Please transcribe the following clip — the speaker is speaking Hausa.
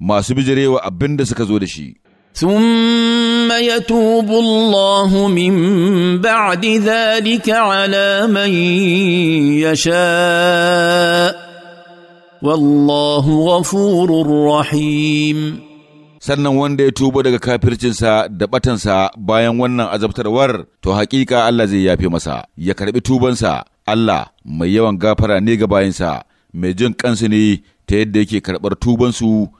masu bijirewa abin da suka zo da shi. ثم min الله zalika بعد ذلك ya من wallahu والله غفور rahim. sannan wanda ya tuba daga kafircinsa da batansa bayan wannan azabtarwar to haƙiƙa Allah zai yafe masa ya karbi tubansa Allah mai yawan gafara ne ga bayansa mai jin kansu ne ta yadda yake karɓar tubansu